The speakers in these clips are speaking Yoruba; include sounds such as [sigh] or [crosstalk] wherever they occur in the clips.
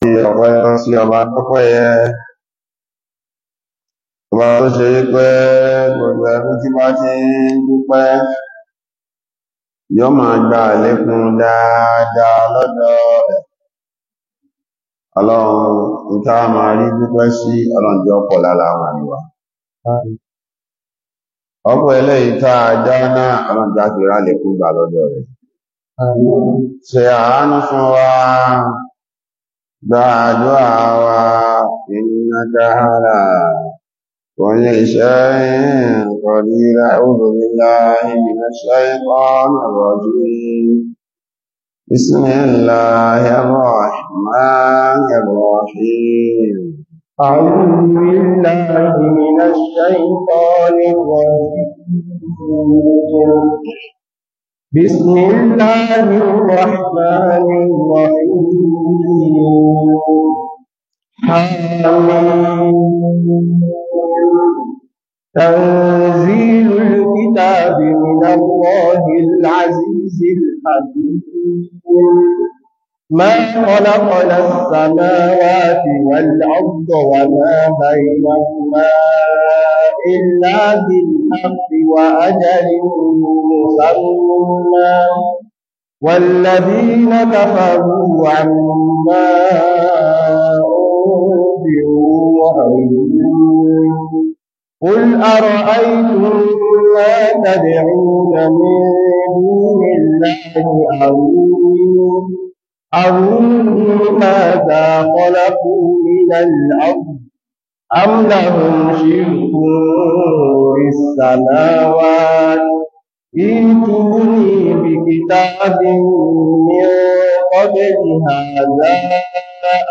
apa yang siapa apa ya Kemarin ti yọ máa gba àlékún dáadáa lọ́dọ̀ rẹ̀. Ọlọ́run, ìta máa rí dúpẹ́ sí ọlọ́njẹ́ ọ̀pọ̀ lára àwọn àríwá. Ọ̀pọ̀ eléyìí tá a dá náà ọlọ́njẹ́ àti gbà lọ́dọ̀ rẹ̀. Ṣe àánú fún wa. بعد وعوى إنك على كل شيء قدير أعوذ بالله من الشيطان الرجيم بسم الله الرحمن الرحيم أعوذ بالله من الشيطان الرجيم بسم الله الرحمن الرحيم تنزيل الكتاب من الله العزيز الحكيم ما خلقنا السماوات والأرض وما بينهما إلا بالحق وأجل النار والذين كفروا عما أنذروا قل أرأيتم ما تدعون من دون الله أروني أروني ماذا خلقوا من الأرض أم لهم شرك في السماوات ائتوني بكتاب من قبل هذا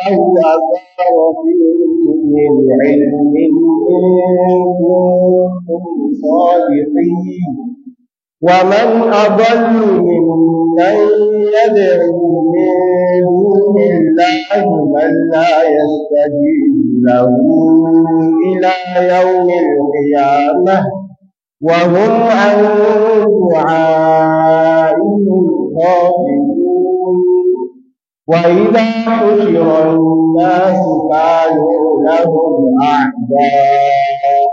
أو أثر من علم إن كنتم صادقين ومن أضل ممن يدعو من دون الله من لا يستجيب له إلى يوم القيامة وهم عن دعائهم غافلون وإذا حشر الناس كانوا لهم أعداء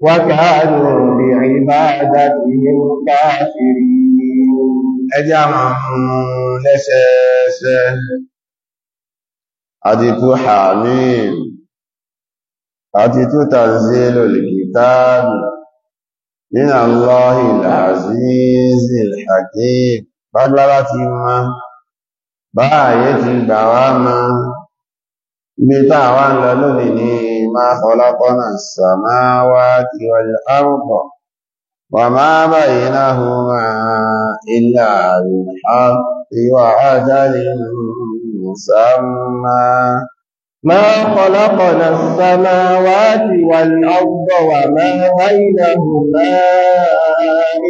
وكانوا بعبادتهم كافرين أجمع لساسا أدت حامين أدت تنزيل الكتاب من الله العزيز الحكيم lágbára ti ma bá ààyè ti gbà wá ma ibi tá a wá ń lọ lónìí ní máa khalaqna samawati wal arda wa ma baynahuma illa bil haqqi wa ajalin ما خلقنا السماوات والأرض وما بينهما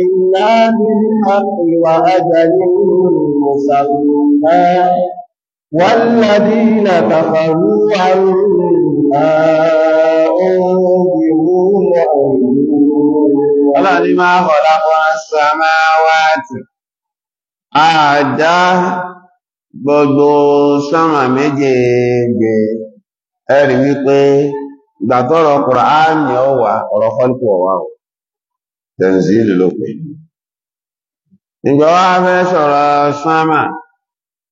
إلا بالحق وأجل مسمى والذين كفروا عما أنذروا مؤمنون ما خلقنا السماوات أعداه gbogbo sánmà méjèèjì ẹ̀rí wípé ìgbà tọ́rọ̀ Kùránì ó wà ọ̀rọ̀ fọ́lùkù ọ̀wà ò ló pè fẹ́ sọ̀rọ̀ sánmà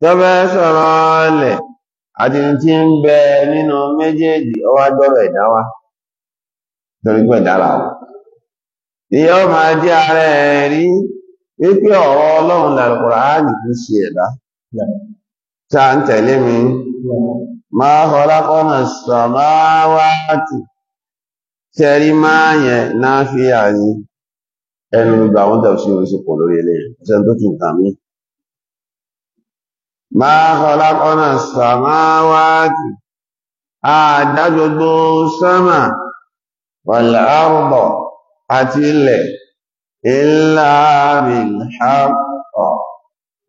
tó fẹ́ sọ̀rọ̀ ọlẹ̀ àti tí ń bẹ nínú méjèèjì ó dọ́rọ̀ torí ò ara wípé ọ̀rọ̀ Ọlọ́run tá ń tẹ̀lé mi máa khalaqna as-samawati tẹ́rí máa yẹn náà fi àyí ẹnu gbà wọ́n tẹ̀ sí oríṣi pọ̀ lórí ilé ọ̀sẹ̀ tó tún kà mí máa khalaqna as-samawati àdájọ́gbó sánmà wal arda àti ilẹ̀ illa bil haqq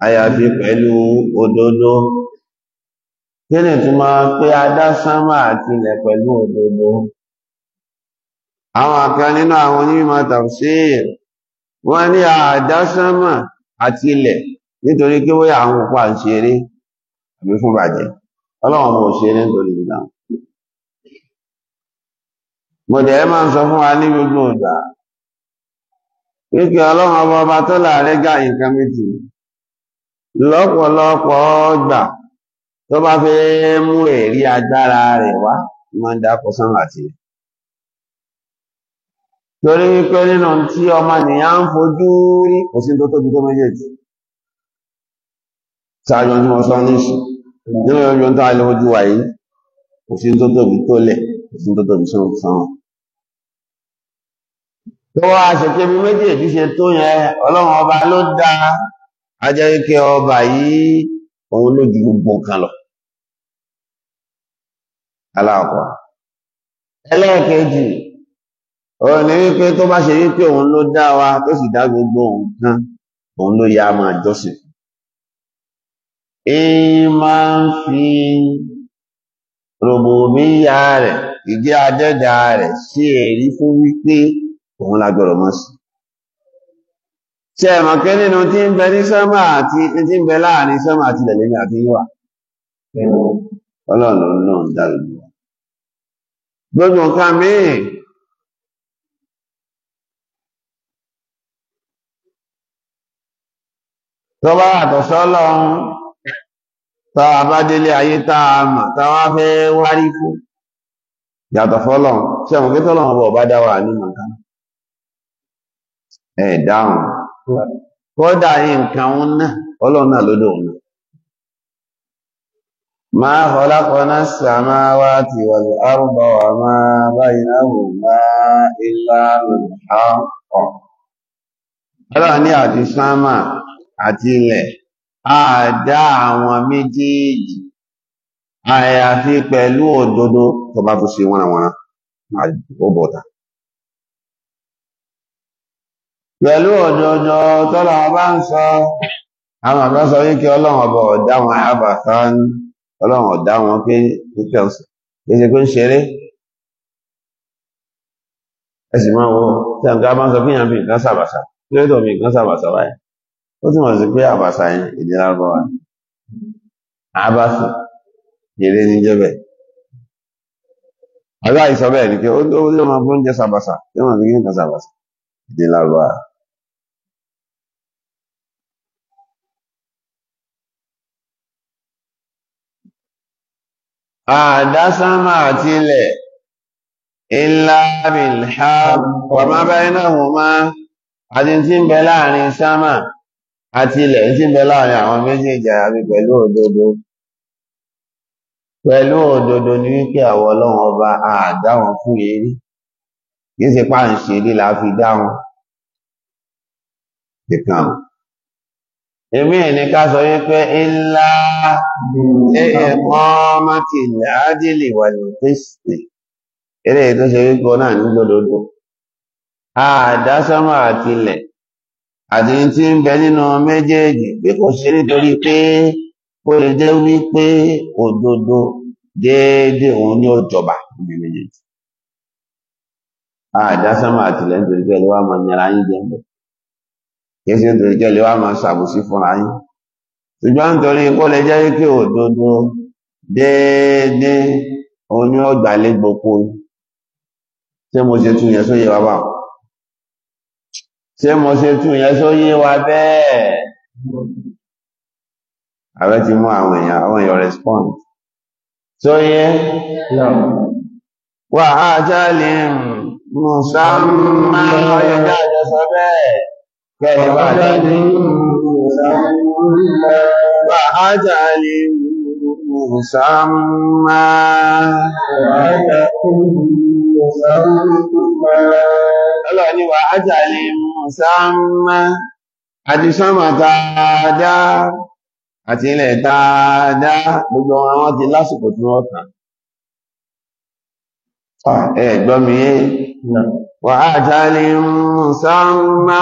àyàfi hmm. pẹ̀lú òdòdó. kí ni ma pé adá sánmà àti ilẹ̀ pẹ̀lú òdòdó. àwọn kan nínú àwọn onímọ̀ tafsir wọ́n ní Ada-Sama àti ilẹ̀ nítorí kí wọ́n àwọn òpá ń ṣeré àbí fún wa gbogbo ọba tó méjì lọ́pọ̀lọpọ̀ ọgbà tó bá fẹ́ mú ẹ̀rí agbára rẹ̀ wá máa ń dákọ̀ sánmà sí i torí wípé nínú tí ọmọnìyàn ń fojú rí kò sí tó tóbi tó méjèèjì ṣáájú tí mo sọ níṣù nínú ọjọ́ tó alẹ́ ojú wa yìí kò sí tó tóbi tó lẹ̀ kò sí tó tóbi sọ̀rọ̀ sọ̀rọ̀ tó wá ṣe pé bí méjèèjì ṣe tó yẹn ọlọ́run ọba ló dáa a jẹ́ wípé ọba yìí òun ló ju gbogbo nǹkan lọ aláàkọ́ ẹlẹ́ẹ̀kejì òun ni wípé tó bá ṣe wípé òun ló dá wa tó sì dá gbogbo nǹkan òun ló yá máa jọ́sìn máa ń fi rògbòmíyà rẹ̀ ìdí adẹ́dà rẹ̀ ṣe èrí fún wípé òun lágbọ́dọ̀ mọ́ ṣe ẹ̀mọ̀ kí nínú tí ń bẹ ní sọ́mà àti tí ń bẹ láàrin sọ́mà àti lẹ̀lẹ́mí àti yíwà ọlọ́run náà ń dárò ní wa gbogbo nǹkan míì tó bá yàtọ̀ sọ́lọ́run tá a bá délé ayé tá a mọ̀ tá a fẹ́ wárí fún yàtọ̀ fọ́lọ́run ṣe ẹ̀mọ̀ kí tọ́lọ́run bọ̀ bá dá wà nínú nǹkan ẹ̀ dáhùn kódà nǹkan òun náà ọlọ́run náà lódò òun náà máa khalaqna as-samawati wal-arda wa ma baynahuma illa bil-haqq ọlọ́run ní àti sánmà àti ilẹ̀ àdá àwọn méjèèjì àyàfi pẹ̀lú òdodo tó bá tó ṣe ma ó bọ̀ta pẹ̀lú onyonyo tọ́lọ̀wọ́ ọba ń sọ àwọn àgbà sọ wíkẹ́ ọlọ́run ọba ọ̀dá àbàtà ń ọlọ́run ọ̀dá pé wíkẹ́ ọ̀sán pèsè pé ń ṣeré ẹ̀sìn máa wọ tí àǹkà bá sọ fíyàn bí nǹkan sàbàṣà kí ló Abasa nǹkan sàbàṣà báyìí ó sí pé àbàṣà yẹn ní Ada na loi àdásánmà àti ilẹ̀ ilá bilha wàmá bẹ́ẹ̀nà hùmá àti tí ń bẹ láàrin sámà àti ilẹ̀ tí ń bẹ láàrin àwọn méjèèjì àmì pẹ̀lú òdodo pẹ̀lú òdodo kìí ṣe pa ń ṣe ní la fi dáhùn nìkan èmi ẹni ká sọ wípé ńlá ẹ̀ẹ́mọ́mọ́tì láàdìlì wà ní kristi eré tó ṣe wípé náà ní gbọdọdọ àdásánmà àtilẹ̀ àti tí ń bẹ nínú méjèèjì bí kò ṣe nítorí pé ó lè jẹ́ wípé òdodo déédéé òun ni ó jọba ní méjèèjì àdásámà ah, àtìlẹ́ nítorí pé ẹlẹ́wà máa nyara yín jẹ́ mbẹ́ kìí ṣe nítorí pé ẹlẹ́wà máa ṣàbùsí fúnra yín ṣùgbọ́n nítorí kó lè jẹ́ pé òdodo déédéé òun ni ọgbà lé gbogbo ṣé mo ṣe tún yẹn sóyè wa báwọn ṣé mo ṣe tún yẹn sóyè wa bẹ́ẹ̀ ààrẹ ti mú àwọn èèyàn àwọn èèyàn respond sóyè wà á jálè Musamman ọyọ̀ jáde sọ bẹ́ẹ̀. Kẹ̀lẹ̀ bá jáde bá ájàlè Musamman. Ọlọ́ ni wà ájàlè Musamman. Àti sánmà tààdá àti ilẹ̀ tààdá gbogbo àwọn ti lásìkò tí wọ́n kàn ẹ̀gbọ́n mi yé wà á jálè ń sáńmá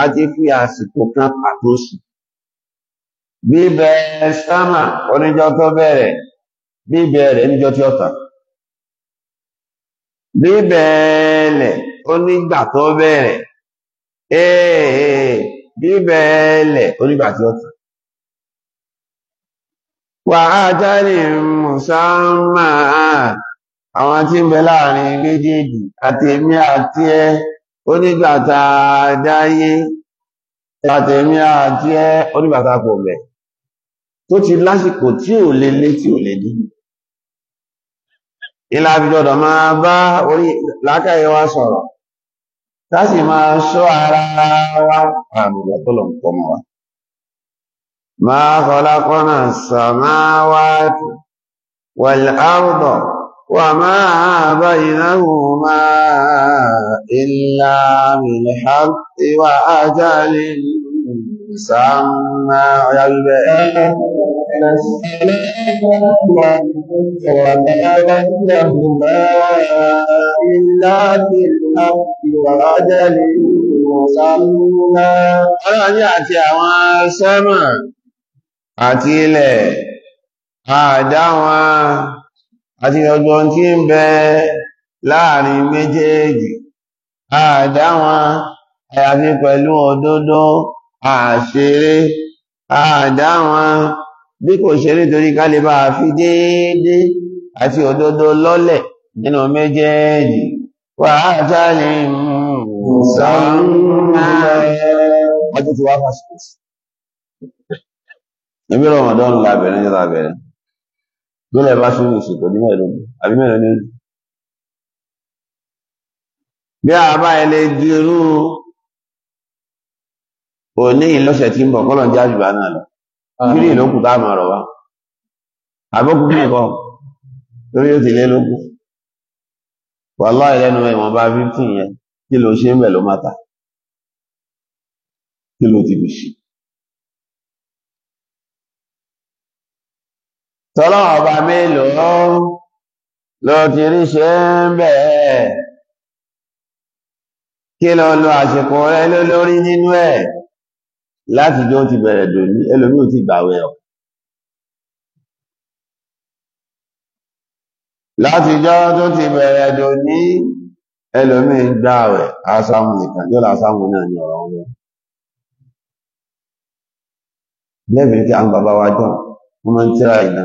a ti fi àsìkò kan pàtó sí bíbẹ̀ sámà oníjọ́ tó bẹ̀rẹ̀ bíbẹ̀ rẹ̀ níjọ́ tí ó tàn bíbẹ̀ ẹlẹ̀ onígbà tó bẹ̀rẹ̀ wà á jálè ń sáńmá àwọn tí ń bẹ láàrin méjèèjì àti èmi àti ẹ onígbàtà dáyé àti èmi àti ẹ onígbàtà pọ̀ bẹ̀ tó ti lásìkò tí ò lè lé tí ò lè dí ilá àbíjọdọ̀ máa bá orí lákàyè wa sọ̀rọ̀ láti máa ṣọ́ ara wa àbùgbà tó lọ pọ̀ mọ́ wa máa kọlákọ́nà sàmáwá wàlárùdọ̀ وما بينهما إلا بالحق وأجل مسمى يبين وما بينهما إلا بالحق وأجل مسمى ọlọ́run àti àwọn sẹ́mọ̀ àti ilẹ̀ àdá wọn àti ọgbọ́n tí ń bẹ láàrin méjèèjì àdáwọn àyàfi pẹ̀lú òdodo àṣeré àdáwọn bí kò ṣeré torí ká lè bá fi déédé àti òdodo lọ́lẹ̀ nínú méjèèjì wà ájáyé ọjọ́ ti wá fásitì. Ibi gbọ́dọ̀ bá tún lè ṣètò ní mẹ́ẹ̀ẹ́dógún àbí mẹ́ẹ̀ẹ́dógún ní ojú. bí a bá ẹlẹ́ di irú òní ìlọ́sẹ̀ tí ń bọ̀ kọ́lọ̀ ń já jùlọ náà lọ ah. kí ni ìlókù tá a máa rọ̀ wá àbókù kí nìkan lórí ó ti lé lókù wàhálà ìlẹ́nu ìwọ̀n bá yẹn kí ló ṣe ń bẹ̀ ló má kí ló ti fi ṣe. tọ́lọ́ ọba mélòó ló ti rí ṣe ń bẹ̀ẹ́ kí lọ lọ àsìkò rẹ lólórí nínú ẹ̀ láti jọ ti bẹ̀rẹ̀ dòní ẹlòmíì ti gbàwẹ̀ ọ̀ láti jọ tó ti bẹ̀rẹ̀ dòní ẹlòmíì ń gbàwẹ̀ asáhùn nìkan yóò lásáhùn náà ní ọ̀rọ̀ wọn lẹ́bìí kí àwọn bàbá wa wọ́n máa ń tíra ìná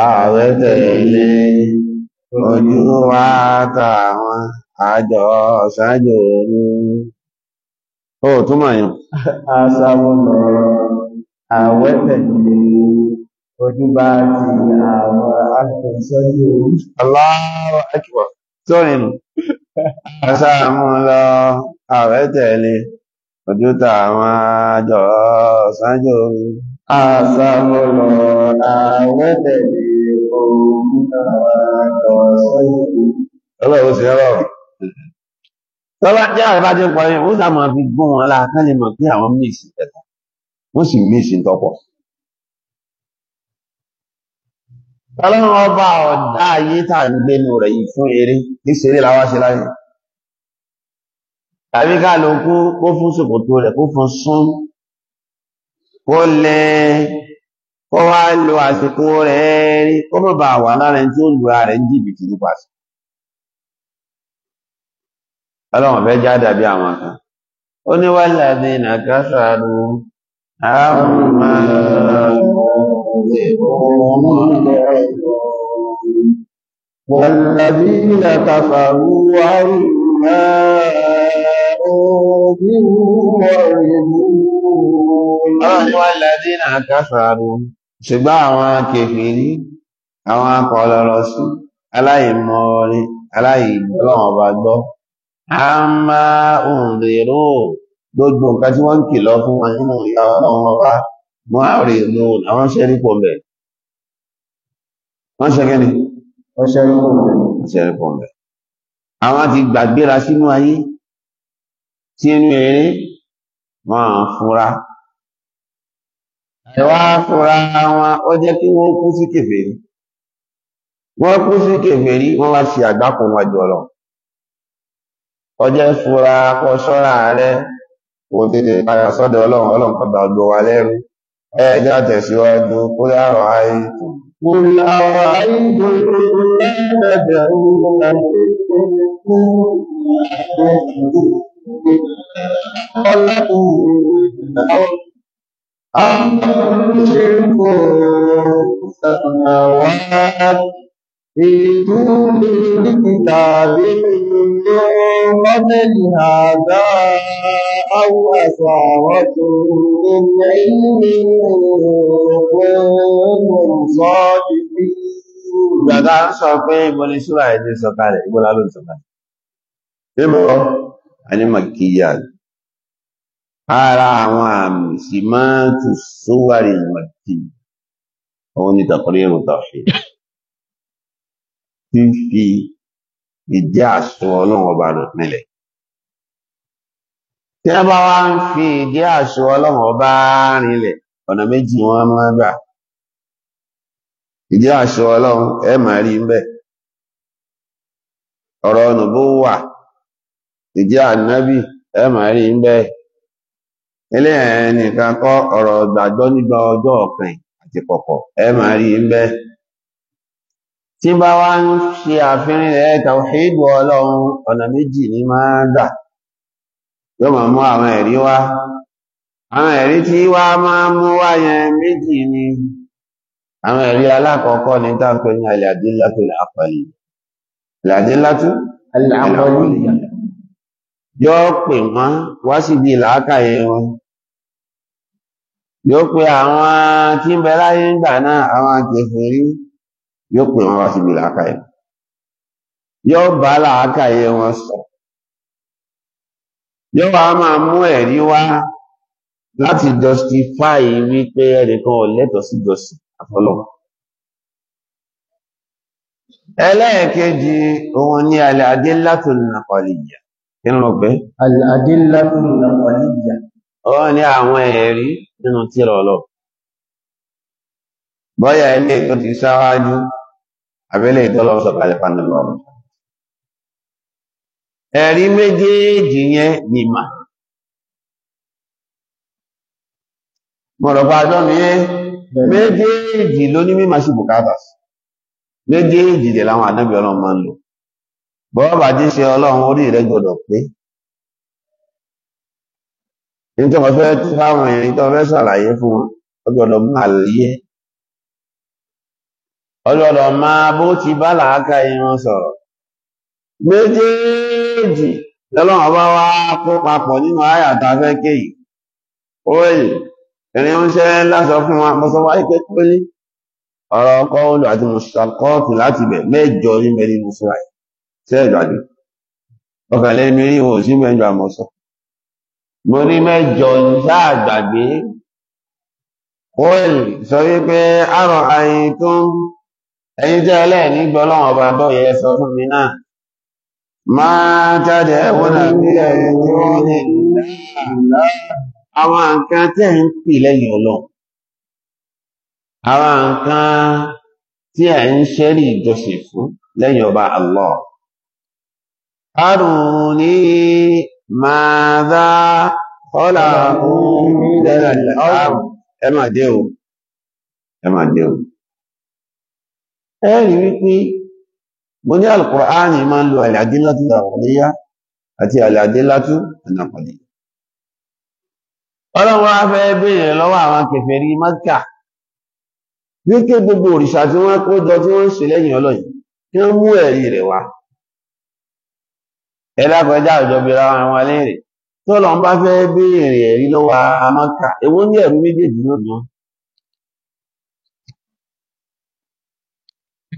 àwẹ́tẹ̀lé ojú wa tàwọn àjọ ṣáájú ní ó túnmọ̀ yàn aṣàwọ̀nà àwẹ́tẹ̀lé ojú bá ti àwọn akẹ́sọ́jú Allahu Akbar tó nínú aṣàmúlọ àwẹ́tẹ̀lé ojú tàwọn àjọ ní ọlọ́run sí ọlọ́run tọ́lá jẹ́ àrẹ́bá jẹ́ pọ̀rin ó dá máa fi gún wọn láà kán lè mọ̀ pé àwọn míìsì tẹ̀lá wọ́n sì míìsì tọ́pọ̀ ọlọ́run ọba ọ̀dá ayé tà ń gbénu rẹ̀ yìí fún eré ní ṣeré làwa ṣe láyé tàbí ká ló kú kó fún ṣòkòtò rẹ̀ kó fún sún kó lẹ́ẹ̀ kó wá lo àsìkò rẹ̀ rí kó mọ̀ bá wà lára ẹni tí ó lu ara ń jìbìtì nípa sí. ọlọ́run fẹ́ já dàbí àwọn kan ó ní wá ṣùgbọ́n àwọn kèfèrí àwọn akọ̀ọ̀lọ́rọ̀ sí aláìmọ̀ọ́rí aláìgbọ́lọ́wọ́ bá gbọ́ a máa ń rèrò gbogbo nǹkan tí wọ́n ń kìlọ̀ fún wọn nínú ìyá ọlọ́run ọba wọn á rè mú àwọn ṣe rí pọ̀ bẹ̀. wọ́n ṣe kí ni wọ́n ṣe rí pọ̀ bẹ̀. wọ́n ṣe rí pọ̀ bẹ̀. àwọn ti gbàgbéra sínú ayé tí eré wọn à fura ẹ wá fúnra wọn ó jẹ́ kí wọ́n kú sí kèfèrí wọ́n kú sí kèfèrí wọ́n wá ṣe àgbákùnrin ọjọ́ ọjẹ́ fúra kọ sọ́ra rẹ kò tètè padà sọ́dọ̀ ọlọ́run ọlọ́run padà wa lẹ́rú ẹ kó láàrọ̀ ayé أم تشركوا السماوات ائتوا بالكتاب من قبل هذا أو أثارة من علم كنتم صادقين. Gbàdá ń sọ pé ìbọn ní Súra ẹ̀dín sọ̀kalẹ̀, ìbọn lálọ́ ìsọ̀kalẹ̀. Ṣé mo A ní Màkíyà ara àwọn àmì sì máa tù sówárì ìmọ̀tì òun ni taqriru tawhid fífi ìjẹ́ àṣọ ọlọ́run ọba nílẹ̀ tí wọ́n bá wá ń fi ìjẹ́ àṣọ ọlọ́run ọba rinlẹ̀ ọ̀nà méjì wọn máa gbà ìjẹ́ àṣọ ọlọ́run ẹ máa rí ń bẹ̀ ọ̀rọ̀ ọ̀nà bó wà eléyàn nìkan kọ ọ̀rọ̀ gbàgbọ́ nígbà ọjọ́ ọ̀kan àti kọ̀kọ̀ ẹ máa rí ń bẹ tí bá wá ń ṣe àfihàn ẹ tàwíìdù Ọlọ́run ọ̀nà méjì ní máa gbà yóò máa mú àwọn wá àwọn tí wá máa mú wá yẹn méjì ni àwọn ní ní yóò pè wọn wá síbi làákàyè wọn yóò pe àwọn tí ń bẹ láyé ń gbà náà àwọn yóò pe wọn wá síbi làákàyè yóò bá làákàyè wọn sọ yóò wá máa mú ẹ̀rí wá láti justify wípé ẹnìkan ò lẹ́tọ̀ọ́ sí àfọlọ́ ẹlẹ́ẹ̀kejì òun alẹ́ kí ni wọ́n pẹ́ alẹ́ nínú tírà ọlọ́ bọ́yà ilé tó ti sáwájú abẹ́lẹ̀ ìtọ́lọ́ sọ̀kalẹ̀ fanilọ́ ẹ̀rí méjèèjì yẹn nìmà mọ̀rọ̀pá àjọ́ mi yẹn méjèèjì ló ní mímọ̀ sí bùkátà sí méjèèjì dẹ̀ láwọn ànábì ọlọ́run máa ń lò bọ́ọ̀bà jí ṣe ọlọ́run orí rẹ̀ gbọ́dọ̀ pé nítorí wọn fẹ́ fáwọn èèyàn nítorí wọn fẹ́ ṣàlàyé fún wọn ọgbọ́dọ̀ máa lè ọgbọ́dọ̀ máa bó ti bá làákà irun sọ̀rọ̀ méjèèjì lọ́lọ́wọ́ bá wá kó papọ̀ nínú àyàtà fẹ́ kéyì ó èyí ìrìn oúnjẹ lásọ fún wa mo sọ wá pé kó ní ọ̀rọ̀ ọkọ̀ olù àti mùsàkọ́ọ̀tù láti bẹ̀ mẹ́jọ ní mẹ́rin mùsùlùmí sẹ́ẹ̀dọ̀ àdé ọkàlẹ́ mi rí sí mẹ́jọ àmọ́sọ̀ mo ní mẹ́jọ ń sá àgbàgbé wọ́n sọ wípé àrọ̀ ayin tó ń ẹyin jẹ́ ẹlẹ́ẹ̀ní gbọ́lọ́wọ́ bá bọ́ yẹ sọ fún mi náà máa jáde ẹ̀wọ́n àbí ẹ̀yìn tó ní àwọn nǹkan tẹ́ ń pì lẹ́yìn ọlọ́run àwọn nǹkan tí ẹ̀ ń ṣẹ́rí ìjọsìn fún lẹ́yìn ọba Allah. Arùn ní Maazaa, kọ́lá ẹ máa dé o ẹ máa dé o ẹ rí wípé mo ní alkùránì máa ń lo ọlọ́run wá fẹ́ béèrè lọ́wọ́ àwọn kèfèrí Mákà wípé gbogbo òrìṣà tí wọ́n kó jọ tí wọ́n ń ṣe lẹ́yìn ọlọ́yìn ẹ̀dàkọjá ìjọbìra àwọn alẹ́rẹ̀ tó lọ bá fẹ́ béèrè ẹ̀rí lọ́wọ́ amọ́ka èwo ní ẹ̀rú méjèèjì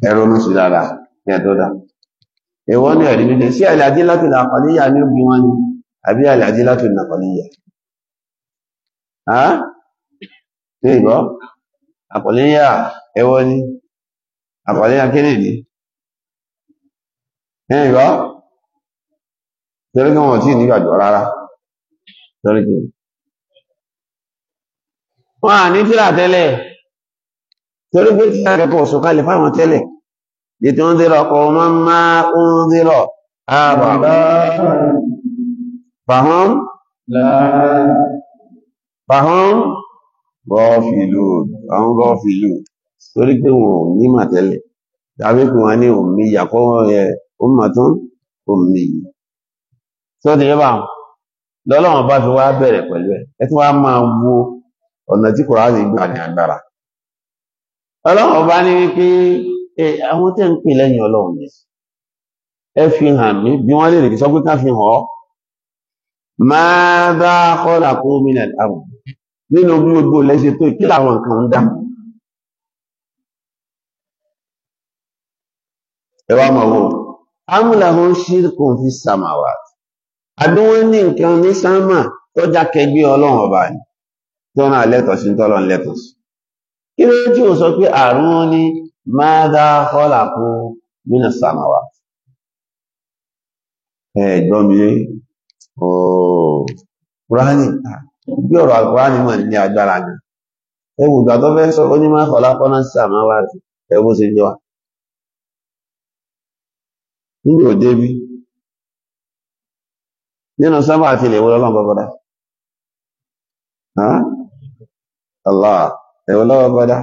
ẹ̀rọ ló sì dára ní èwo ní ẹ̀rí méjèèjì sí láti ní òbí wọn ni àbí àlàjí láti nàkọ̀níyà ṣe ìgbọ́ àkọ̀níyà ẹ̀wọ́ ni àkọ̀níyà kéde ní ìgbọ́. torí kí wọ́n tí nígbàgbọ́ rárá torí kí wọ́n à ní tíra tẹ́lẹ̀ torí pé tíra kẹ́kọ̀ọ́ sọ̀kalẹ̀ fáwọn tẹ́lẹ̀ ètò ń dérọ̀ ọkọ̀ máa ń máa ń dérọ̀ ààbà fàhán fàhán gọ́ọ̀fìlú àwọn gọ́ọ̀fìlú torí pé wọn ò ní mà tẹ́lẹ̀ tàbí pé wọn ní òmìyà kọ́ ẹ̀ ó tán òmìyà tí ó ti yẹ bá wọn lọ́lọ́wọ́n bá fi wá bẹ̀rẹ̀ pẹ̀lú ẹ̀ ẹ tí wá máa wo ọ̀nà tí kòránì gbà ní agbára ọlọ́wọ́n bá ní wípé ẹ àwọn tẹ́ ń pè lẹ́yìn ọlọ́run yẹn ẹ fi hàn mí bí wọ́n lè rèé sọ pé ká fi hàn ọ́ máa dá kọ́ra kó mìnà àrùn nínú gbogbo lẹ́sẹ̀ tó kí làwọn nǹkan ń dá ẹ wá máa wò amúlàhùn ṣírkùn fi sàmàwàá àdúnwó ní nǹkan ní sánmà tó jákẹgbé ọlọ́run ọba ní tó náà lẹ́tọ̀sí tọ́lọ́run lẹ́tọ̀sí kí ló tí ó sọ pé àrùn ní mada khalaqu mina samawa ẹ̀gbọ́n mi ooo kúránì bí ọ̀rọ̀ mọ̀ ní agbára ni ewu ìgbà tó fẹ́ sọ ó ní máa sí nínú sábà àti ilẹ̀ ìwòlọ́lọ́ bọ́bọ́dá Allah ìwòlọ́ bọ́bọ́dá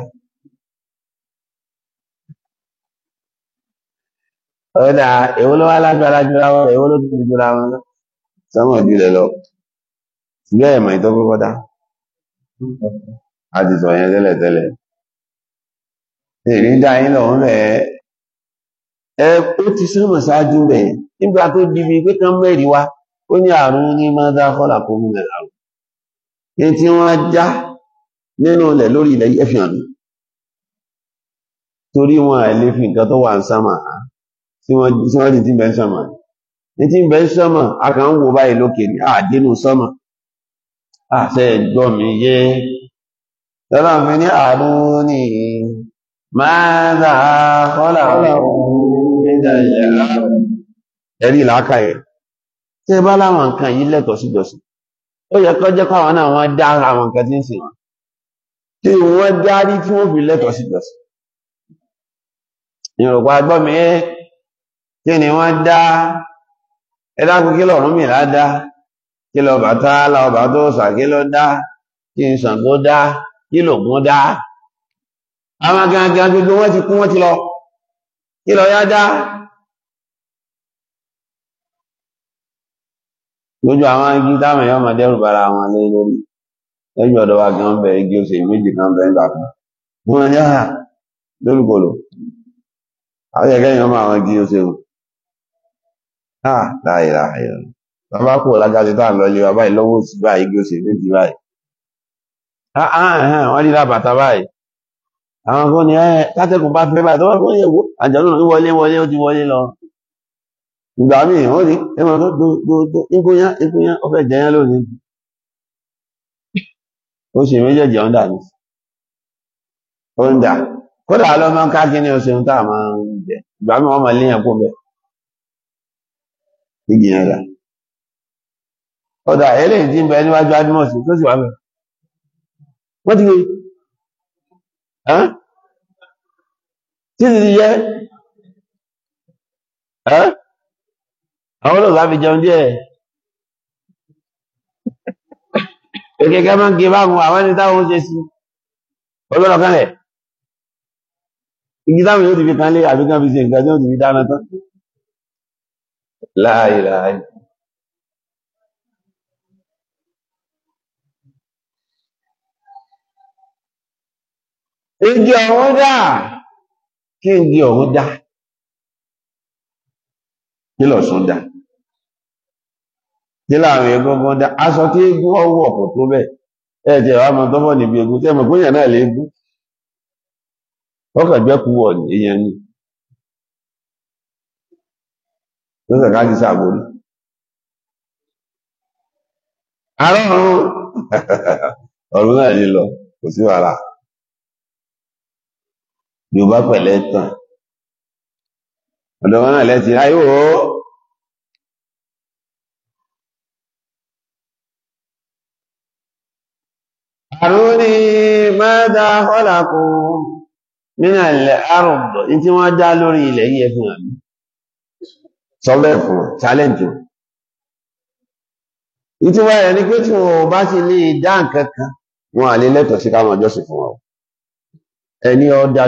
ọ̀dá ìwòlọ́ alágbára jùlọ wọn ìwòlọ́ tó ti jùlọ wọn sọ́mọ̀ jùlẹ̀ lọ ṣùgbẹ́ ẹ̀mọ̀ ìtọ́ bọ́bọ́dá a ti sọ yẹn tẹ́lẹ̀ tẹ́lẹ̀ èrí ń dá yín lọ́wọ́ rẹ̀ ẹ ó ti sọ́mọ̀ ṣáájú rẹ̀ nígbà tó di pé kán mẹ́rin wá ó ní àrùn ní mọ́dá kọ́là kó mú mẹ́rin àrùn ní tí wọ́n já nínú ilẹ̀ lórí ilẹ̀ yẹ́ fi hàn mí torí wọn àìlè fi nǹkan tó wà ń sámà tí wọ́n ti ti bẹ́ ń sámà ní tí ń bẹ́ ń sámà a kàn ń wo báyìí lókè ní àdínú sámà àṣẹ ẹ̀gbọ́n mi yé lọ́la fi ní àrùn ní mọ́dá kọ́là kó mú mẹ́rin àrùn ẹ̀rí làákàyè tẹ́ bá láwọn nǹkan yìí lẹ́tọ̀ọ́ sí ìjọsìn ó yẹ kó jẹ́ káwọn náà wọ́n dá àwọn nǹkan tí ń sìn wọn tí wọ́n dárí tí wọ́n fi lẹ́tọ̀ọ́ sí ìjọsìn ìrọ̀pá gbọ́ mi ẹ́ kí ni wọ́n dá ẹ dákun kí lọ́rùn mi ládá kí lọ bàtá láọbà tó sà kí lọ dá kí n Ṣàngó dá kí lògún dá àwọn gangan gbogbo wọn ti kú wọn ti lọ kí lọ yá dá lójú àwọn igi táwọn èèyàn máa dẹrù bara wọn lé lórí lójú ọ̀dọ̀ wa gan bẹ igi oṣù méjì kan bẹ ń gbàgbọ́ wọn ní àyà lórúkọlò àwọn ẹgbẹ èèyàn máa wọn igi oṣù à láyé láyé bàbá kò lágbàdo tá à ń lọ ilé wa báyìí lọ́wọ́ sí báyìí igi oṣù méjì báyìí wọn rí làbàtà báyìí àwọn kan ní ẹ kátẹkùn bá fẹ́ báyìí tó bá fẹ́ yẹ wo àjọ náà wọlé wọlé ó ti wọlé lọ ìgbà míì wọ́n ní ẹ máa gbogbo ikúnyá ikúnyá ọfẹ́ jẹyán lónìí ó sì méjèèjì ọ̀ndà ní ọ̀ndà kódà lọ máa ń ká kí ní ọ̀sẹ̀ ń tà máa ń jẹ ìgbà míì wọ́n máa léyàn kó bẹ̀ igi yẹn rà ọ̀dà eléyìí ti ń bẹ níwájú adimọ̀sì tó sì wà bẹ̀ wọ́n ti gbé títí ti yẹ àwọn olóògbà fi jẹun díẹ̀ òkè kẹ́mọ́ ń ké bá mu àwọn ẹni táwọn ṣe sí ọlọ́rọ̀ kanlẹ̀ igi táwọn yóò ti fi kanlé àbí kan fi ṣe nǹkan tí ó ti fi dáná tán láàyè láàyè igi ọ̀hún dà kí igi ọ̀hún dà kí lọ̀sùn dà tí láàrin egungun dá aṣọ tí egun ọwọ́ ọ̀pọ̀ tó bẹ́ẹ̀ ẹ jẹ́ wàá mọ níbi egun tí ẹ mọ̀ náà léegun ọkàn gbẹ́kú wọ̀ ní èèyàn ni tó sẹ̀ ká ti ṣàbòrí. arọ́run [laughs] ọ̀run náà ní lọ kò sí wàhálà yorùbá pẹ̀lẹ́ tán ọ̀dọ̀ wọn náà lẹ́sìn ayé o. àrúrí mẹ́dá ọ́làkùn nínú ilẹ̀ àrùndọ̀ ní tí wọ́n dá lórí ilẹ̀ yìí ẹfún àmì sọ́lẹ̀fún challenge ní tí wọ́n rẹ̀ ní pé tí wọ́n bá ti lè dá nǹkan kan wọ́n à lẹ́tọ̀ sí káwọn ọjọ́sìn fún wọn ẹni ó dá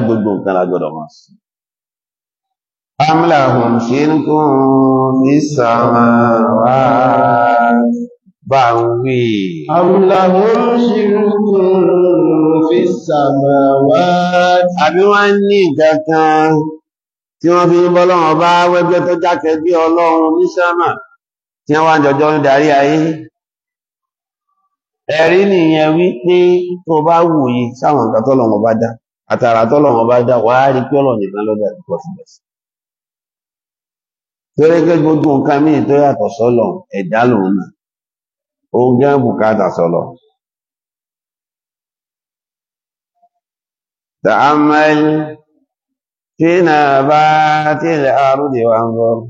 bá ń wí. Àmìlàhún ṣírùkùn fi sàmàwá. Àbí wọ́n ní nǹkan kan tí wọ́n fi ń bọ́lọ́wọ́ bá wẹ́gbẹ́ tó jákẹ́ bí ọlọ́run ní sánmà tí wọ́n wá jọjọ́ ń darí ayé. Ẹ̀rí nìyẹn wípé tó bá wòye sáwọn nǹkan tọ́lọ́wọ́ bá dá. Àtàrà tọ́lọ́wọ́ bá dá wàá rí pé ọlọ́run nìkan lọ́dà pọ̀ síbẹ̀ sí. Torí pé gbogbo nǹkan míì tó yàtọ̀ sọ́lọ̀ ẹ̀dá lòun náà òun gán bùkátà sọ́lọ̀. Ta'ammal tí na bá tí lè àrùdíwá ń bọ̀rọ̀.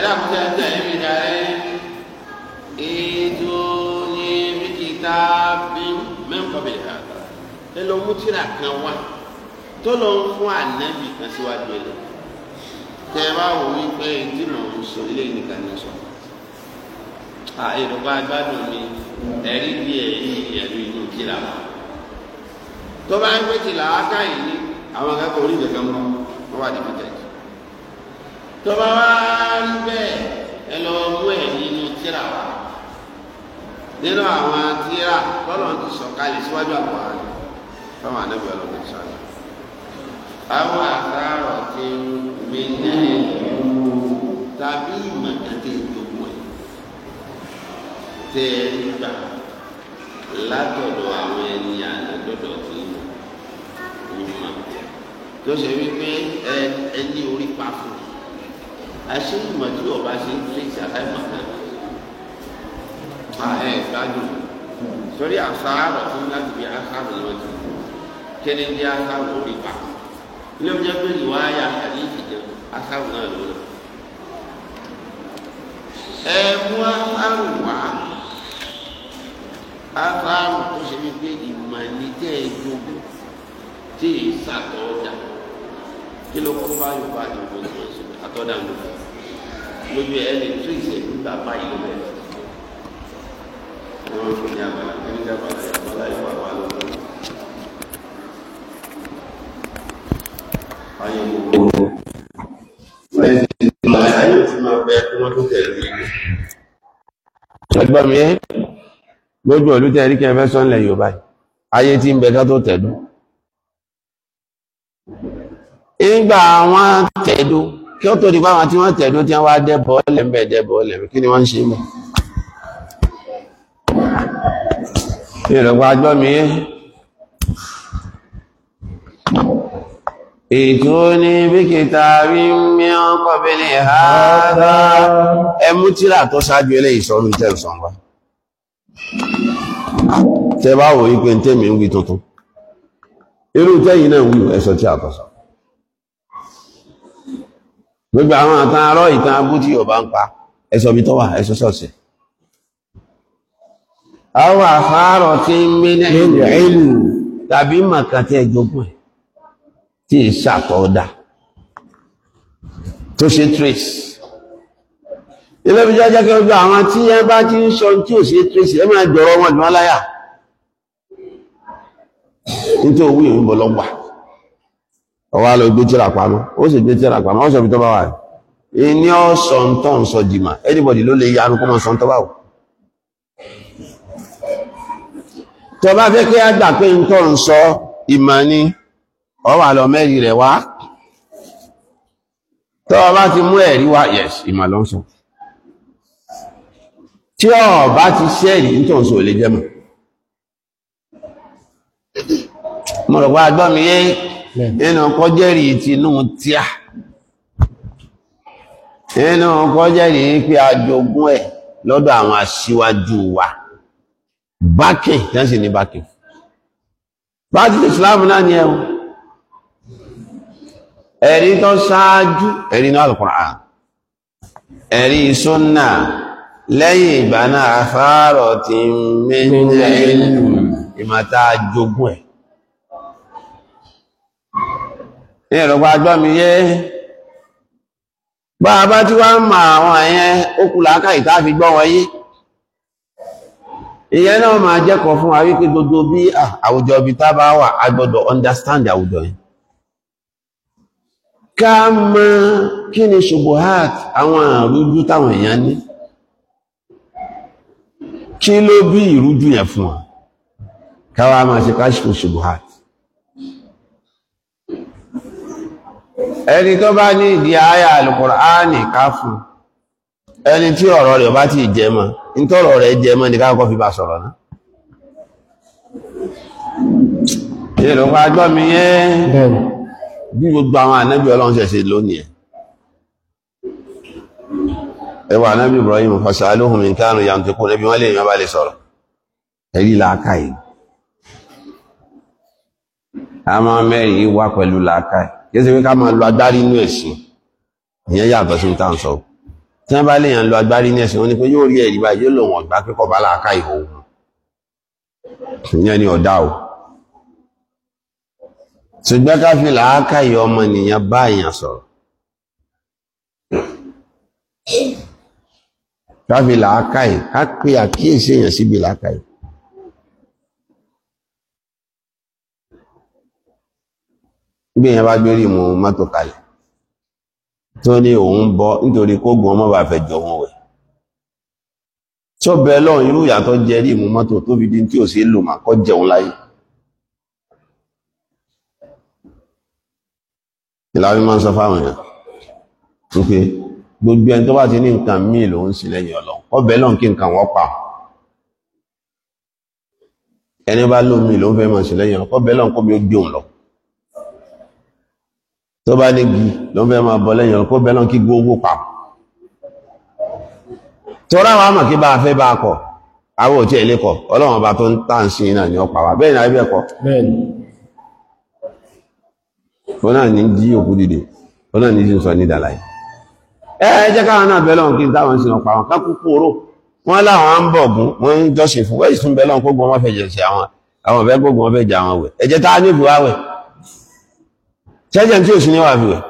ẹ̀dá kò tẹ̀ ń tẹ̀lé mi dàrẹ́ ètò ní bíkítà bí mẹ́kọ̀bẹ̀ àgbà ẹ lọ mú tírà kan wá tó lọ ń fún ànábì kan síwájú ẹ lọ tẹ ẹ bá wò mí pé tí mò ń sọ ilé nìkan ní sọ èròpá gbádùn mi ẹ̀rí bí ẹ̀rí ẹ̀rí inú kíra wa tó ń pè tìlà áká yìí àwọn akẹ́kọ̀ọ́ orí ìjẹ̀kẹ́ mọ́ wọ́n wà níbi tẹ̀ tọ́ba wá rí bẹ́ẹ̀ ẹ lọ mú ẹ̀ nínú tíra wa nínú àwọn tíra tọ́lọ̀ ti sọ̀kalẹ̀ síwájú àpò àná fáwọn anábì ọlọ́run ti sọ̀rọ̀ àwọn àtàrọ̀ ti mi ní ìlú tàbí ìmọ̀ kẹ́kẹ́ ìdókòwò ẹ̀ tẹ́ ẹ nígbà látọ̀dọ̀ àwọn ẹni àdọ́dọ̀ tó ń mọ̀ tó ṣe wípé ẹni orí pa fún un àṣé ìmọ̀ tí ọba ṣe ń fi ṣàlàyé kan a ẹ̀ gbádùn torí àṣàárọ̀ fún láti fi àṣàárọ̀ lọ́jọ́ kẹ́ni ní àṣàárọ̀ orí pa ilé ọjọ́ pé ìwà ayà àlẹ́ ìdíje àṣàárọ̀ náà lọ́wọ́ ẹ mú àṣàárọ̀ wá àṣàárọ̀ tó ṣe wípé ìmọ̀ ní tẹ́ ẹ jogún tí ì lójú ẹ lè tún ìṣẹ́jú gbà báyìí ló bẹ̀rẹ̀. wọ́n fún ní abala kẹ́rin ní abala yẹn abala yẹn wà wà lọ́wọ́. ayé mo wò ó. bẹ́ẹ̀ ni ìgbà ayé ti máa bẹ kí wọ́n tó tẹ̀lé mi. ẹgbẹ́ mi ẹ́ gbogbo olú tẹ́rí kí ẹ fẹ́ sọ́nlẹ̀ Yorùbá ayé tí ń bẹ ká tó tẹ̀dú. ìgbà àwọn tẹ̀dú kí ó tó di báwọn tí wọ́n tẹ̀dó tí wọ́n wá dẹ́bọ̀ ọlẹ́m̀bẹ̀ dẹ́bọ̀ ọlẹ́m̀ kí ni wọ́n ń ṣe mọ́ ìrọ̀pá agbọ́ mi ètò ní bíkìtà rí mìíràn kọ̀bílẹ̀ àádá ẹmú tíra tó ṣáájú ilé ìṣọ́rú tẹ́lùsọ̀n wá tẹ́ bá wò wípé tẹ́mi ń wí tuntun irú tẹ́yìn náà wí ẹ̀sọ̀ tí àtọ̀sọ̀ gbogbo àwọn àtàn arọ́ ìtàn abú tí yóò bá ń pa ẹsọ bí tọ́wà ẹsọ sọ́ọ̀sì àwọn àfáàrọ̀ tí ń mí nínú ìlú tàbí màkà tí ẹ jogún ẹ̀ tí ì ṣàtọ̀ ọ̀dà tó ṣe trace ilé ìjọ jẹ́ kí gbogbo àwọn tí ẹ bá ti ń sọ tí ò ṣe trace ẹ máa jọrọ wọn jù wọn láyà nítorí òwú ìwé bọ́lọ́gbà ọwá lọ gbé tíra pamọ́ ó sì gbé tíra pamọ́ ó sọ tó bá wà rẹ̀ ní ọ̀sọ̀ sọ jìmà anybody ló lè yanu kó mọ̀ sọ tó bá wù tó bá fẹ́ kí gbà ọ lọ mẹ́rin rẹ̀ wá bá ti mú ẹ̀rí wá yes ló ń sọ tí ti ń tọ́ ń sọ ò nínú kọjẹ́rì tinú tíà nínú kọjẹ́rì pé àjogún ẹ̀ lọ́dọ̀ àwọn aṣíwájú wa bákìn yẹn ní bákìn báti Islam náà ni ẹwọ ẹ̀rí tó ṣáájú ẹ̀rí náà al ẹ̀rí sunna lẹ́yìn ìgbà náà afárọ̀ ti mẹ́rin ìmọ̀ta jogún ẹ̀ ìrọ̀gbà gbọ́ mi yé bá a bá tí wá ń ma àwọn ẹ̀yẹn ókùnláká ìta fi gbọ́ wọn yé ìyẹn náà máa jẹ́kọ̀ọ́ fún wa wípé gbogbo bí àwùjọ bí tá bá wà a understand àwùjọ yẹn ká mọ̀ kí ni ṣubuhat àwọn àrújú táwọn èèyàn ní kí ló bí ìrújú yẹn fún wa káwa máa ṣe káṣíkò ṣubuhat ẹni tó bá ní ìdí àyà alùkùránì ká fún ẹni tí ọ̀rọ̀ rẹ̀ bá ti jẹmọ́ ní tọ́rọ̀ rẹ̀ jẹmọ́ ní káàkọ́ fi bá sọ̀rọ̀ náà èrò pa gbọ́ mi bí gbogbo àwọn ànábì ọlọ́run ṣe lónìí ẹ a mẹ́rin wá pẹ̀lú yóò ṣe pé ká máa lo agbárí inú ẹ̀sìn ìyẹn yàtọ̀ sí ta ń sọ tí wọ́n bá léèyàn lo agbárí inú ẹ̀sìn wọn ni pé yóò rí ẹ̀rí báyìí yóò lò wọ́n gbá pé kò bá láàká ìhò ìyẹn ni ọ̀dá o ṣùgbọ́n ká fi làákà ìyọ ọmọ nìyẹn bá èèyàn sọ̀rọ̀ ká fi làákà yìí ká pe àkíyèsí èèyàn síbi làákà yìí bí èèyàn bá gbé rí mu mọ́tò kalẹ̀ tó ní òun bọ nítorí kógun ọmọ bá fẹ́ jọ wọn wẹ̀ tí ó bẹ lọ́run irú ìyàtọ̀ jẹ rí mu mọ́tò tó fi di tí ò sí lò mà kọ́ jẹun láyé ìlàrí máa ń sọ fáwọn èèyàn wípé gbogbo ẹni tó bá ti ní nǹkan míì ló ń sì lẹ́yìn ọlọ́run ọbẹ̀ lọ́n kí nǹkan wọ́n pa ẹni bá lómi ló fẹ́ máa sì lẹ́yìn ọlọ́run ọbẹ̀ lọ́n kó mi ó gbé òun lọ tó bá ní gi ló ń fẹ́ máa bọ́ lẹ́yìn ọ̀pọ̀ bẹ́lọ́n kí gbogbo pa tọ́rọ àwọn àmọ̀ kí bá fẹ́ bá kọ̀ àwọn òtí ẹ̀lẹ́ kọ̀ ọlọ́run ọba tó ń tàn sí iná ní ọpa wa bẹ́ẹ̀ ni àbẹ́ kọ́ òun náà ní jí òkú dìde òun náà ní sí sọ ní ìdàláyé ẹ jẹ́ káwọn náà bẹ́lọ́n kí táwọn sí ọpa wọn kákú kúrò wọ́n láwọn ń bọ̀ gún wọ́n ń jọ́sìn fún wẹ́ẹ̀sì fún bẹ́lọ́n kó gbọ́n wọ́n fẹ́ jẹ̀ sí àwọn àwọn ọ̀fẹ́ gbógun wọ́n fẹ́ jẹ àwọn wẹ̀ ẹ̀jẹ̀ tá a ní ìbúwáwẹ̀ ṣẹ́jẹ̀ tí ò sí níwà fíwẹ̀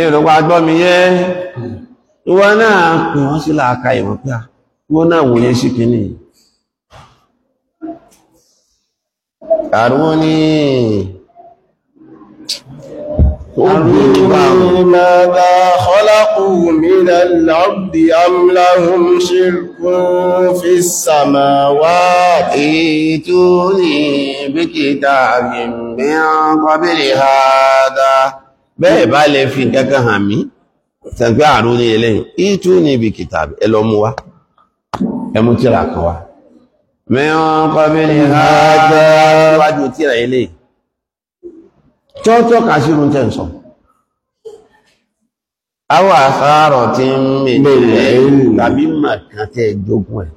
ìrùnpa gbọ́mi yẹ́ ìwọ náà pè wọ́n sí láàka ìwọ̀n pé wọ́n náà wòye sí kìíní àrùn ní مما ما خلقوا من الأرض أم لهم شرك في السماوات ائتوني بكتاب من قبل هذا bẹ́ẹ̀ bá lè fi kankan hàn mí tẹ̀gbẹ́ àrùn ní eléyìn ائتوني بكتاب ẹ lọ mú wá ẹ mú tírà kan wá من قبل هذا wájú tírà eléyìn tọ́tọ́ kà sínú tẹ̀ ń sọ Àwọn àṣàrọ̀ tí ń mèlè ẹ̀rù tàbí màkà tẹ́ ìjókùn ẹ̀.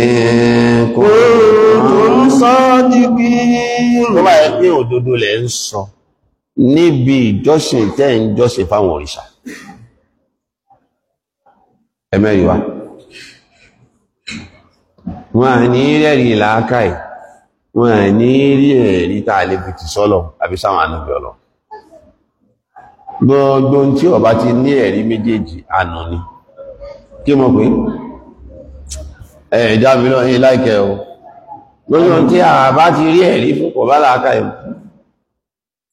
Ẹ̀ẹ̀kọ́ eh, ń sọ dìbí. Tó bá yẹ pé òdodo lẹ̀ ń sọ níbi ìjọsìn tẹ́ ń jọsìn fáwọn òrìṣà. Ẹmẹ́rì wa. Wọ́n à rẹ̀rì làákàì, wọ́n à ní rí sọ́lọ̀ àbí sáwọn ànàbẹ̀ gbogbo tí ó bá ti ní ẹ̀rí méjèèjì ànà ni kí mọ̀ pé ẹ̀ẹ̀dá mìíràn yìí láìkẹ́ o gbogbo tí a bá ti rí ẹ̀rí fún kò bá láàká ìmú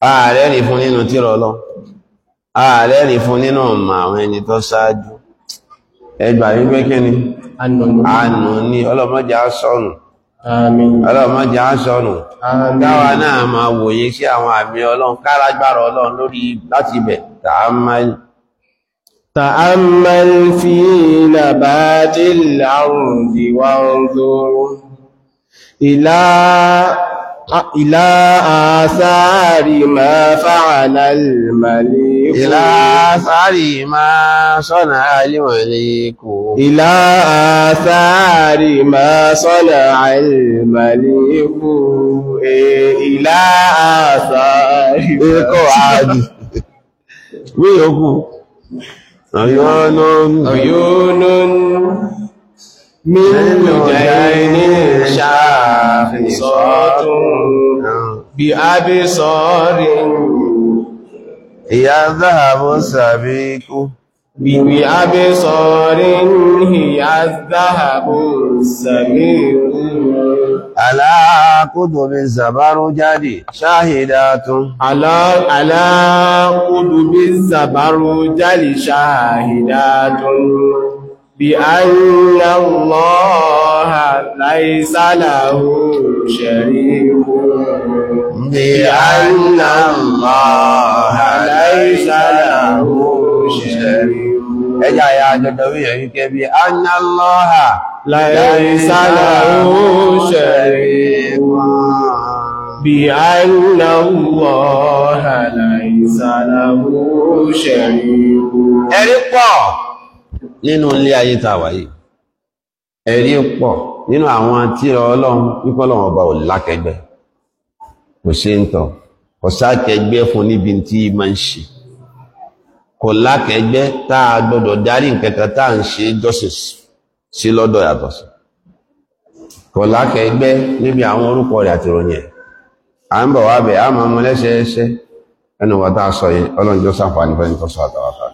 ààrẹ rí fún nínú tírọ lọ ààrẹ rí fún nínú ọmọ àwọn ẹni tó ṣáájú ẹgbà yìí pé kí ni ànà ni ọlọ́mọdé á ọlọ́mọdé á sọnù káwa náà máa wòye sí àwọn àmì ọlọ́run kárágbára ọlọ́run lórí láti bẹ̀ tààmàlì tààmàl fi nàbàdìláàrùn ìwà ọ̀rọ̀ ìlàá إلى آثار ما فعل الملك إلى آثار ما صنع الملك إلى آثار ما صنع الملك إلى آثار ويقول عيون عيون من جين شافصات بأبصار يذهب سبيك بأبصار يذهب سبيك على قدب الزبرجد شاهدات على على قدب الزبرجد شاهدات بأن الله ليس له شريك بأن الله ليس له شريك ẹjá ya jọjọrí ẹ̀rí kẹbí anna lọ́ha laysa lahu sharik bí anna lọ́ha laysa lahu sharik ẹ̀rí pọ̀ nínú ilé ayé tá a wà yìí ẹ̀rí pọ̀ nínú àwọn tíra ọlọ́run wípé ọlọ́run ọba ò lákẹgbẹ́ kò ṣe ń tọ̀ kò sákẹgbẹ́ fún níbi tí máa ń ṣe kò lákẹgbẹ́ tá a gbọdọ̀ darí nkẹta tá à ń ṣe jọ́sìn sí lọ́dọ̀ yàtọ̀ sí kò lákẹgbẹ́ níbi àwọn orúkọ rẹ̀ àti ìròyìn ẹ̀ à ń bọ̀ wá bẹ̀ á máa mú lẹ́sẹẹsẹ ẹnu wa tá a sọ yìí ọlọ́run jọ sàǹfààní fẹ́ni tó sọ àtàwọn kan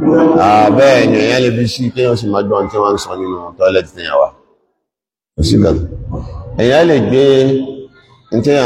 Ah, ah, bẹ́ẹ̀ ni èyàn lè fi sí pé ó sì máa gbọ́n tí wọ́n ń sọ nínú tọ́lẹ̀tì tẹ́yàn wà. èyàn lè